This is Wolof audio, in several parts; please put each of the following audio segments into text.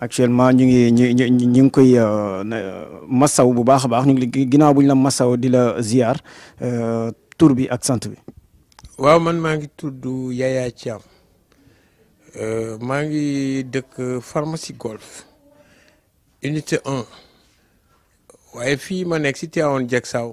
actuellement ñu ngi ñu ñu ñu ngi koy euh, massaw bu baax a baax ñu ngi ginnaaw bu ñu la massaw di la ziar euh, tur bi ak sant bi. waaw man maa ngi tudd Yaya Thiam euh, maa ngi dëkk pharmacie golf unité 1 waaye fii ma nekk si te Thiawane Dieg Saaw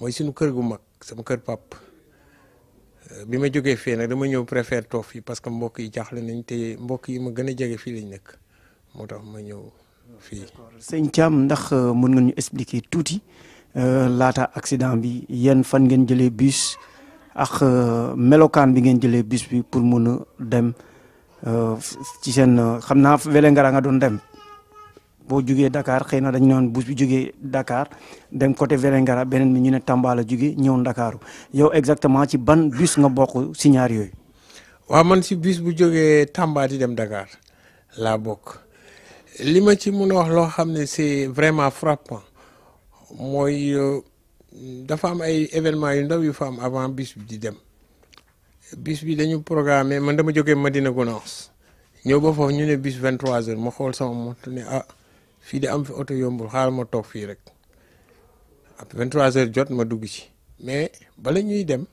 mooy suñu kër gu mag sama kër pap bi ma jógee fii nag dama ñëw préfère toog fii parce que mbokk yi jaaxle nañ te mbokk yi ma gën a jege fii lañ nekk. moo tax ma ñëw fii. sëñ Thiam ndax euh, mën nga ñu expliquer tuuti euh, laata accident bi yéen fan ngeen jëlee bus ak euh, melokaan bi ngeen jëlee bus bi pour mën a dem ci seen xam naa Vélingara nga doon dem boo jugee dakaar xëy na dañu naan bus bi jugee dakaar dem côté Vélingara beneen bi ñu ne Tamba la ñëw Ndakaaru yow exactement ci ban bus nga bokk si ñaar yooyu. waaw man si bus bu jógee Tamba di dem Dakar laa bokk. li ma ci mën a wax loo xam ne c'est vraiment frappant mooy euh, dafa am ay événements yu ndaw yu fa am avant bis bi di dem bis bi dañu programme man dama ma dina Gounass ñëw ba foofu ñu ne bis 23h ma xool sama moto ne ah fii di am fi oto yombul xaaral ma toog fii rek ab 23h jot ma dugg ci mais bala ñuy dem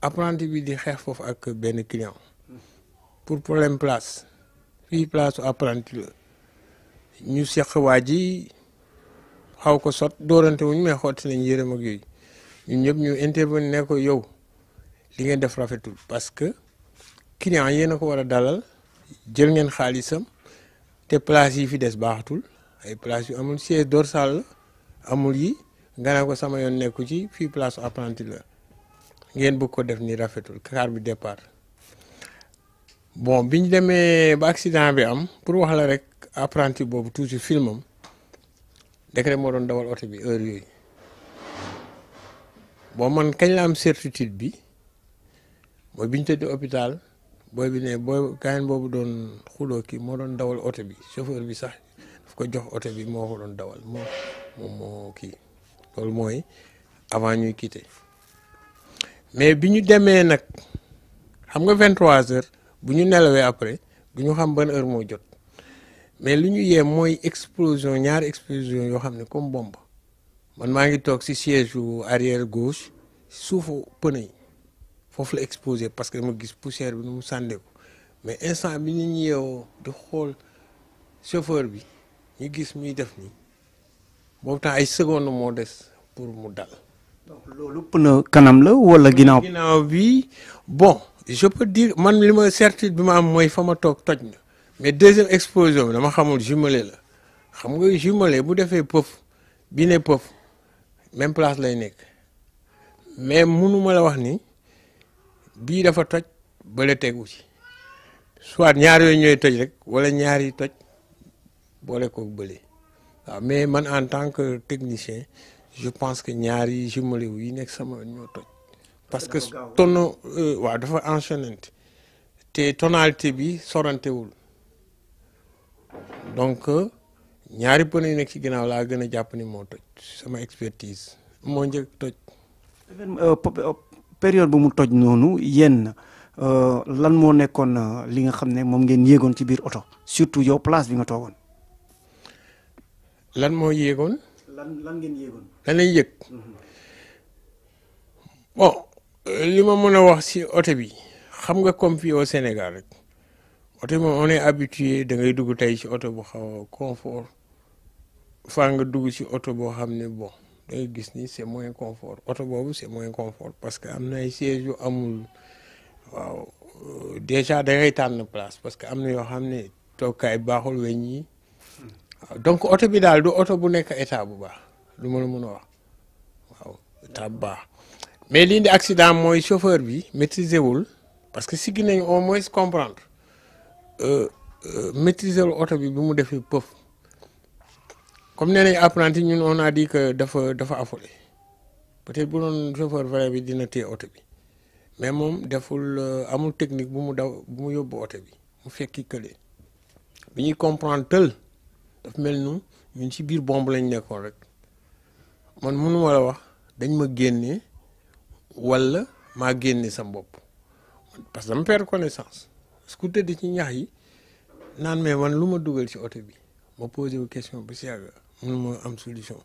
apprenti bi di xeex foofu ak benn client pour problème place. fii place apprenti la ñu seq waa ji xaw ko sot doorante wuñ mais xotti nañ yërëm ak yooyu ñun ñëpp ñu intervenir ne ko yow li ngeen def rafetul parce que client yéen a ko war a dalal jël ngeen xaalisam te place yi fi des baaxatul ay place yu amul siège dorsal la amul yi nga ne ko sama yoon nekku ci fii place apprenti la ngeen bëgg ko def ni rafetul car bi départ bon bi ñu demee ba accident bi am pour wax la rek apprenti boobu toujours filmam décret moo doon dawal oto bi heure yooyu bon man kañ la am certitude bi mooy bi ñu tëdd hôpital bi ne booy gaañ boobu doon xuloo kii moo doon dawal oto bi chauffeur bi sax daf ko jox oto bi moo ko doon dawal moo moo kii loolu mooy avant ñuy quitter mais bi ñu demee nag xam nga 23 heures. bu ñu nelawee après du ñu xam ban heure moo jot mais lu ñu yee mooy explosion ñaari explosion yoo xam ne comme bombe man maa ngi toog ci siège u arrière gauche suufu pneu yi foofu la exposé parce que dama gis poussière bi nu mu sàndeeku mais instant bi ñu yeewoo di xool chauffeur bi ñu gis muy def nii boobu tax ay seconde moo des pour mu dal. donc loolu pneu kanam la walla ginnaaw. ginnaaw bi bon. je peux dire man li ma certitude bi ma am mooy fa ma toog toj na mais deuxième explosion dama xamul jumalee la xam nga jumelé bu defee pëf bii ne pëf même place lay nekk mais mënuma la wax nii bii dafa toj bële tegu ci soit ñaar ñooy toj rek wala ñaari toj boole koog bële waaw mais man en tant que technicien je pense que ñaari yi jumelé yi nekk sama ñoo toj. parce que tono euh, waaw dafa enchaînante te tonalité bi sorantewul donc euh, ñaari pneu yu nekk ci ginnaaw laa gën a jàpp ni moo toj sama expertise moo njëkk toj. Euh, période bu mu toj noonu yéen lan moo nekkoon li nga xam ne moom ngeen yéegoon ci biir oto surtout yow place bi nga toogoon. lan moo yéegoon. lan lan ngeen yéegoon. lan lay yëg. Mhm. li ma mën a wax si oto bi xam nga comme fii au Sénégal rek oto bi moom on est habitué da ngay dugg tey si oto bu xaw a confort faa nga dugg si oto boo xam ne bon da gis ni c'est moins confort oto boobu c'est moins confort parce que am na si siège yu amul waaw déjà da ngay tànn place parce que am na yoo xam ne toogkaay baaxul weñ yi donc oto bi daal du oto bu nekk état bu baax lu ma la mën a wax waaw état bu baax. mais lii di accident mooy chauffeur bi maîtriser wul parce que siggi nañu au moins comprendre euh, euh, maîtriser wul oto bi bi mu defee pëf comme nee nañu apprenti ñun on a dit que dafa dafa affolé peut-être bu doon chauffeur vrai bi dina téye oto bi mais moom deful euh, amul technique bu mu daw bu yóbbu oto bi mu fekki kële bi ñuy comprendre tël daf mel nu ñun ci biir bomb lañ nekkoon rek man mënu la wax dañ ma génnee. wala maa génne sam bopp parce que dama perdre connaissance parce que tëdd ci ñax yi naan mais man lu ma dugal si oto bi ma posé wu question bu si yàgg mun ma am solution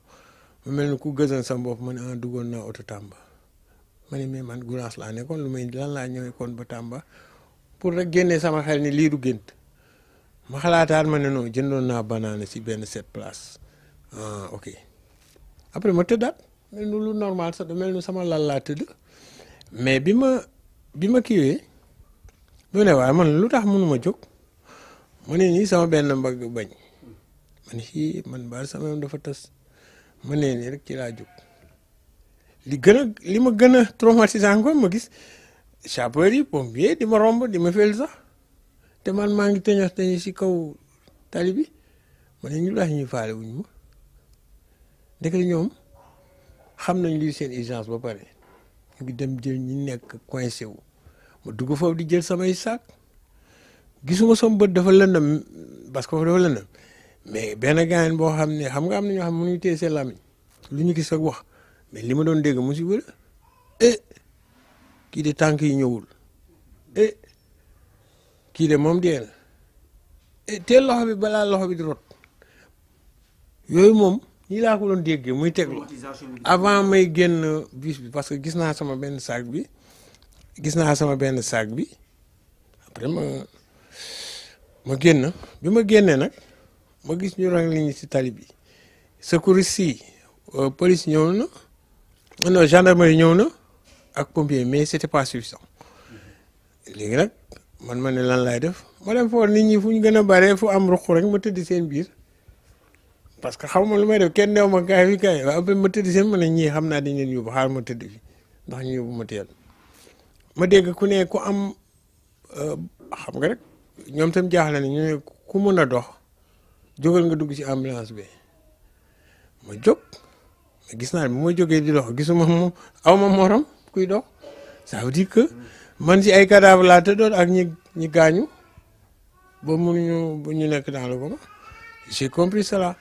mu mel ni ku gëzën sam bopp ma ne ah, duggoon naa oto Tamba ma ne mais man Gounass laa nekkoon lu may lan laa ñëwee ba Tamba pour rek sama xel ni lii du gént ma xalaataat ma ne non jëndoon naa banaana si benn set place ah ok après ma tëddaat. mel nu lu normal sax mel nu sama lal laa tëdd mais bi ma bi ma kiiwee mu ne waaye man lu tax mënuma jóg mu ne nii sama benn mbagg bañ man sii man baal sama yoon dafa tas ma ne nii rek ci laa jóg li gën a li ma gën a traumatisant encore ma gis sapeur yi pompier di ma romb di ma fel sax te man maa ngi teñax teñi si kaw tali bi ma ne ñu tax ñuy faale wuñ ma ndeke ñoom xam nañ luy seen urgence ba pare ngi dem jël ñi nekk coincé wu ma dugg foofu di jël samay saak gisuma sama bët dafa lëndam parce que foofu dafa lëndam mais benn gaayen boo xam ne xam nga am na ñoo xam ne mënuñu téye seen làmmiñ lu ñu gis ak wax mais li ma doon dégg musiba la eh kii de tànk yi ñëwul eh kii de moom dee na te eh, teel loxo bi balaa loxo bi di rot yooyu moom. nii laa ko doon déggee muy teglu avant may génn biis bi parce que gis naa sama benn saag bi gis naa sama benn sac bi après ma génn bi ma génnee nag ma gis ñu rang li ñu ci tali bi secouriste yi euh, police ñëw na non gendarmerie ñëw na ak pompier mais c'était pas suffisant léegi nag man ma ne lan laay def ma dem foofu nit ñi fu ñu gën a bare fu am ruq rek ma tëdd seen biir parce que xaw ma lu may def kenn new ma kaay bi kaay waaw ba ma tëdd si ma ne ñii xam naa dañ leen yóbbu xaar ma tëdd fi ndax ñu yóbbu ma teel dégg ku ne ko am euh, xam nga rek ñoom tam jaaxle na ñu ne ku mën a dox jógal nga dugg ci ambulance bi ma jóg ma gis naa ne bu ma jógee di dox gisuma moom aw ma morom kuy dox ça veut dire man ci ay cadavre laa tëddoon ak ñi gaañu ba mënuñu ba ñu nekk dans le coma compris cela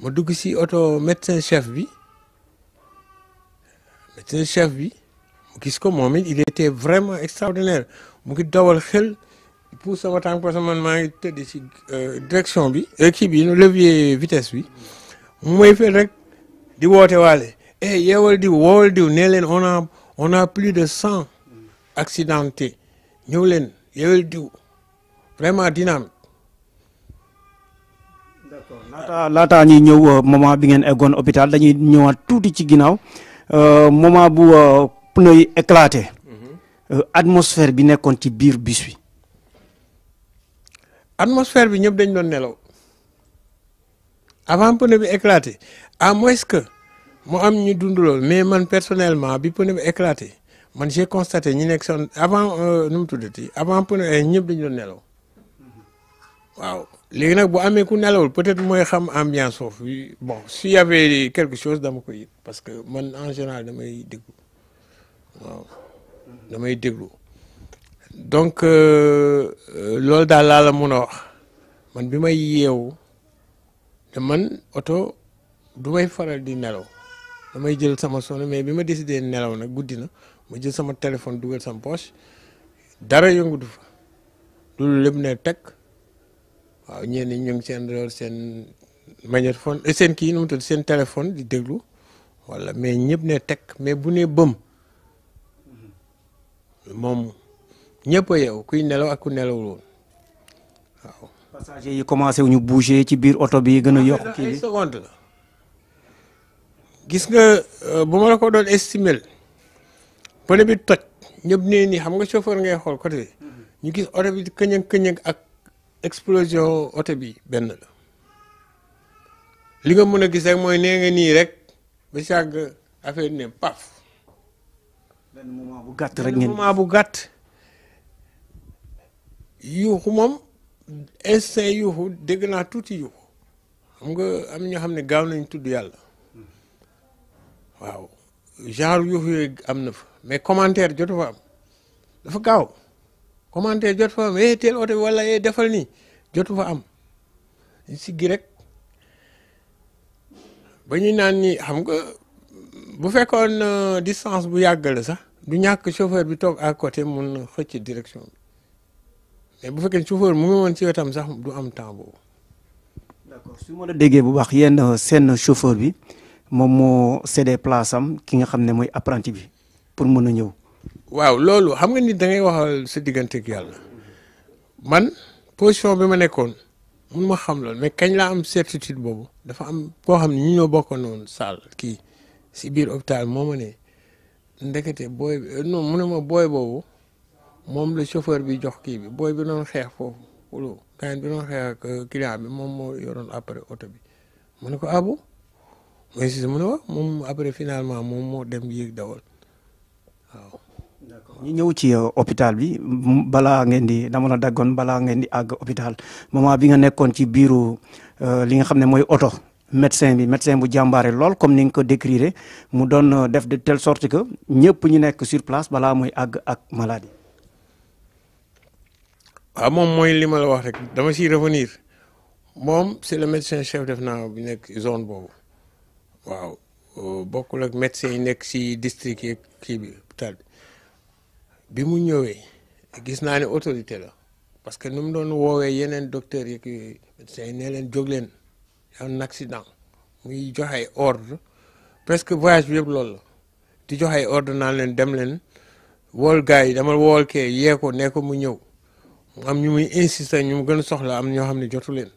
ma dugg si oto médecin chef bi médecin chef bi mu gis ko moom it il était vraiment extraordinaire mu ngi dawal xel pour sama tànk parce que man maa ngi tëdd si euh, direction bi euh, kii bi levier vitesse bi mu may fekk rek di woote waale eh yeewal diw woowal diw nee on a plus de cent accidentés ñëw leen yeewal diw vraiment dynamique laata laataa ñuy ñëw euh, moment bi ngeen eggoon opital dañuy ñëwaat tuuti ci ginnaaw euh, moment bu euh, pneu yi éclaté mhm. atmosphère bi nekkoon ci biir bus bi. atmosphère bi ñëpp dañ doon nelaw avant pneu bi éclaté à moins que mu am ñu dund lool mais man personnellement bi pneu bi éclaté man j'ai constaté ñi nekk son avant nu mu tuddati avant pneu eh, ñëpp dañ doon nelaw mhm. léegi nag bu amee ku nelawul peut-être mooy xam ambiance foofu bon s'il y avait quelque chose dama ko yëg parce que man en général damay déglu waaw déglu donc euh, euh, loolu daal laa la mun a wax man bi may yeewu te man oto du may faral di nelaw damay jël sama sonn mais bi ma décidé nelaw nag guddi na ma jël sama téléphone dugal sama poche dara yëngu du fa loolu lépp ne teg. waaw ñenn ñi ñu ngi seen door seen magnétophone eh, seen kii nu seen téléphone di déglu wala mais ñëpp ne teg mais bu ne bëm moom ñëpp a yeew kuy nelaw ak ku nelawul woon waaw. passagers yi commencé wu ñu bouger ci biir oto bi gën a ah, yokk kii gis nga euh, bu ma la ko doon estimer pneu bi toj ñëpp nee nii xam nga chauffeur ngay xool côté mhm. ñu gis oto bi këñëng këñëng explosion oto bi benn la li nga mën a gis rek mooy nee nga nii rek ba sàgg affaire ne paf. benn moment bu gàtt rek ngeen moment bu gàtt yuuxu moom instinct yuuxu dégg naa tuuti yuuxu xam nga am ñoo xam ne gaaw nañ tudd yàlla waaw genre yuuxu yooyu am na fa mais commentaire jotu fa am dafa gaaw. commentaire jot fa am eh teel oto bi wala eh defal nii jotu fa am siggi rek ba ñu naan ni xam nga bu fekkoon euh, distance bu yàggale sax du ñàkk chauffeur bi toog à côté mun na direction bi bu fekkee chauffeur mu ngi woon ci wetam sax du am temps su ma la déggee bu baax yenn euh, seen chauffeur bi moom moo cédé place am ki nga xam ne mooy apprenti bi pour mën a ñëw. waaw loolu xam nga nit da ngay waxal sa digganteeg yàlla man position bi ma nekkoon mun ma xam loolu mais kañ laa am certitude boobu dafa am koo xam ne ñu ñoo bokkoon noonu saal kii si biir hôpital moo ma ne ndekete booy bi mu ne ma booy boobu moom la chauffeur bi jox kii bi booy bi doon xeex foofu wala euh, bi moom moo yoroon après oto bi mu ne ko ah bon mais si mu ne wax moom après finalement moom moo dem yéeg dawal waaw. ñu ñëw ci euh, hôpital bi balaa ngeen di dama la daggoon balaa ngeen di àgg hôpital moment bi nga nekkoon ci biiru euh, li nga xam ne mooy oto médecin bi médecin bu jàmbaare lool comme ni nga ko décrire mu doon euh, def de telle sorte que ñëpp ñu nekk sur place balaa mooy àgg ak maladie. waaw ah, moom mooy li ma la wax rek dama siy revenir moom c'est le médecin chef def naa bi nekk zone boobu waaw bokkul ak médecin yi nekk si district yeeg kii bi hôpital bi bi mu ñëwee gis naa ne autorité la parce que ni mu doon woowee yeneen docteurs yeeg yooyu say ne leen jóg leen un muy joxe ay ordre presque voyage bi yëpp loolu la di joxe ay ordre naan leen dem leen wool gars yi dama wool kee yeeko ko ko mu ñëw mu am ñu muy insister ñu mu gën a soxla am ñoo xam ne jotu leen